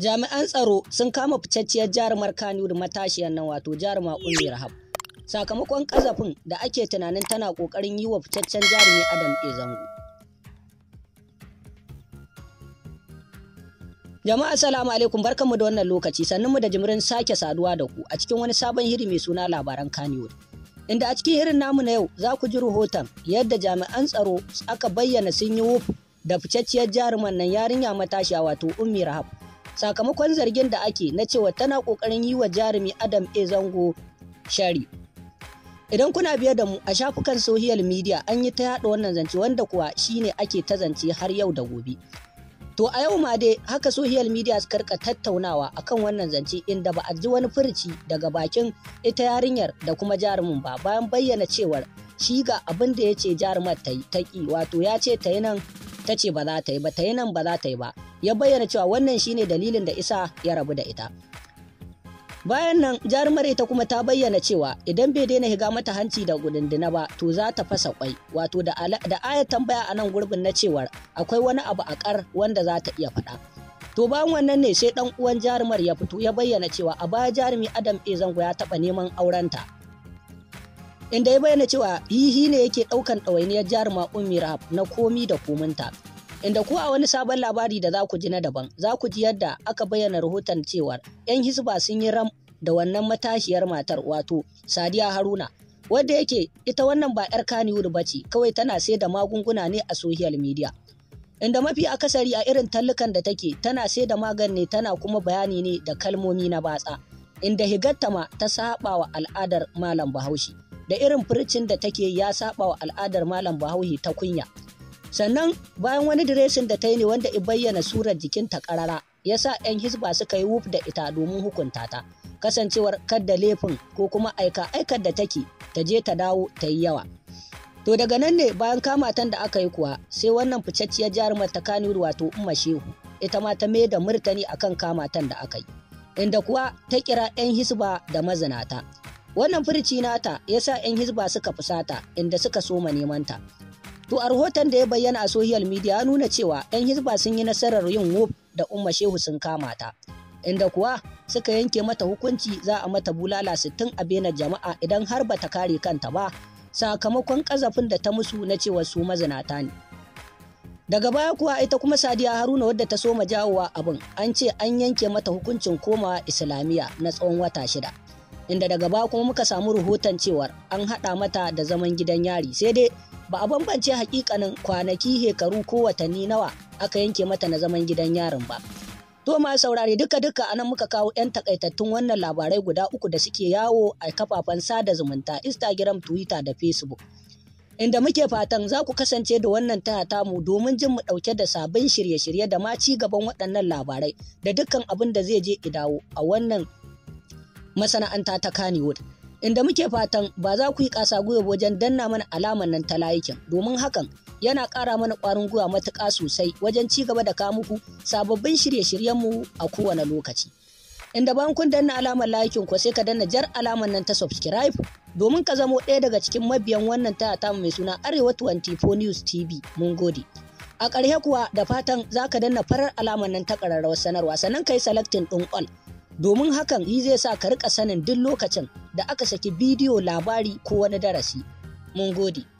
Jami'an tsaro sun kama ficacciyar jarumar kanu da matashiyar nan wato jaruma Ummi Rahab. Sakamakon kazafin da ake tunanin tana kokarin yi wa fitaccen jarumi Adam E zango. Jama'a salamu alaikum barkanmu da wannan lokaci mu da jimirin sake saduwa da ku a cikin wani sabon hiri mai suna labaran Kannywood. Inda a cikin hirin namu na yau za ku ji rahoton yadda jami'an tsaro aka bayyana sun yi wuf da ficacciyar jaruman nan yarinya matashiya wato Ummi Rahab sakamakon zargin da ake na cewa tana kokarin yi wa jarumi Adam A. Zango shari. Idan kuna biye da mu a shafukan social media an yi ta yaɗa wannan zance wanda kuwa shi shine ake ta zance har yau da gobe. To a yau ma dai haka social media suka karka tattaunawa akan wannan zance inda ba a ji wani furci daga bakin ita yarinyar da kuma jarumin ba bayan bayyana cewar shi ga abin da ya ce jarumar ta yi wato ya ce ta yi nan ta ce ba za ta yi ba ta yi nan ba za ta yi ba ya bayyana cewa wannan shine dalilin da isa ya rabu da ita bayan nan jarumar ita kuma ta bayyana cewa idan bai daina higa mata hanci da gudunduna ba to za ta fasa kwai wato da, da aya tambaya a nan gurbin na cewar akwai wani abu a kar wanda za ta iya faɗa to bayan wannan ne sai ɗan uwan jarumar ya fito ya bayyana cewa a baya jarumi adam e zango ya taɓa neman aurenta inda ya bayyana cewa hihi ne yake ɗaukan ɗawainiyar jaruma ummi rahab na komi da kominta inda ko a wani sabon labari da za ku ji na daban za ku ji yadda aka bayyana rahoton cewar 'yan hisba sun yi ram da wannan matashiyar matar wato sadiya haruna wadda yake ita wannan ba 'yar kaniwood ba ce kawai tana sai da magunguna ne a social media inda mafi akasari a irin tallukan da take tana sai da magani ne tana kuma bayani ne da kalmomi na batsa inda ma ta saba wa al'adar malam bahaushe da irin furcin da take ya saba wa al'adar malam bahauhi ta kunya sannan bayan wani diresin da ta yi ne wanda i bayyana surar jikin ta karara ya sa 'yan hisba suka yi wuf da ita domin hukunta ta kasancewar kadda laifin ko kuma aika aikar da take ta je ta dawo ta yi yawa to daga nan ne bayan kamatan da aka yi kuwa sai wannan ficacciyar jarumar ta wato umma shehu ita ma ta mai da murtani akan kamatan da aka yi inda kuwa ta kira 'yan hisba da mazinata Wannan furici nata ya sa 'yan hizba suka fusata inda suka soma nemanta. To a rahoton da ya bayyana a social media ya nuna cewa 'yan hizba sun yi nasarar yin wuf da Umma Shehu sun kama ta. Inda kuwa suka yanke mata hukunci za a mata bulala sittin a bena jama'a idan har bata kare kanta ba sakamakon kazafin da ta musu na cewa su mazinata ne. Daga baya kuwa ita kuma Sadiya Haruna wadda ta soma jawowa abin an ce an yanke mata hukuncin komawa Islamiyya na tsawon wata shida. inda daga baya kuma muka samu rahoton cewar an haɗa mata da zaman gidan yari sai dai ba a bambance hakikanin kwanaki hekaru ko watanni nawa aka yanke mata na zaman gidan yarin ba to ma saurare duka duka anan muka kawo yan takaitattun wannan labarai guda uku da suke yawo a kafafen sada zumunta instagram twitter da facebook inda muke fatan za ku kasance da wannan taya tamu domin jin mu ɗauke da sabbin shirye-shirye da ma ci gaban waɗannan labarai da dukkan abin da zai je idawo a wannan masana'anta ta Kannywood. Inda muke fatan ba za ku yi ƙasa gwiwa wajen danna mana alamar nan ta layukin, domin hakan yana ƙara mana ƙwarin gwiwa matuƙa sosai wajen ci gaba da kamuku sababbin shirye-shiryenmu a kowane lokaci. Inda bankun kun danna alamar layikin ku sai ka danna jar alamar nan ta subscribe domin ka zamo ɗaya daga cikin mabiyan wannan taya tamu mai suna Arewa 24 News TV. Mun gode. A ƙarshe kuwa da fatan za ka danna farar alamar nan ta ƙararrawar sanarwa sannan ka yi selecting ɗin all. domin hakan yi zai sa ka rika sanin duk lokacin da aka saki bidiyo labari ko wani darasi. Mun gode.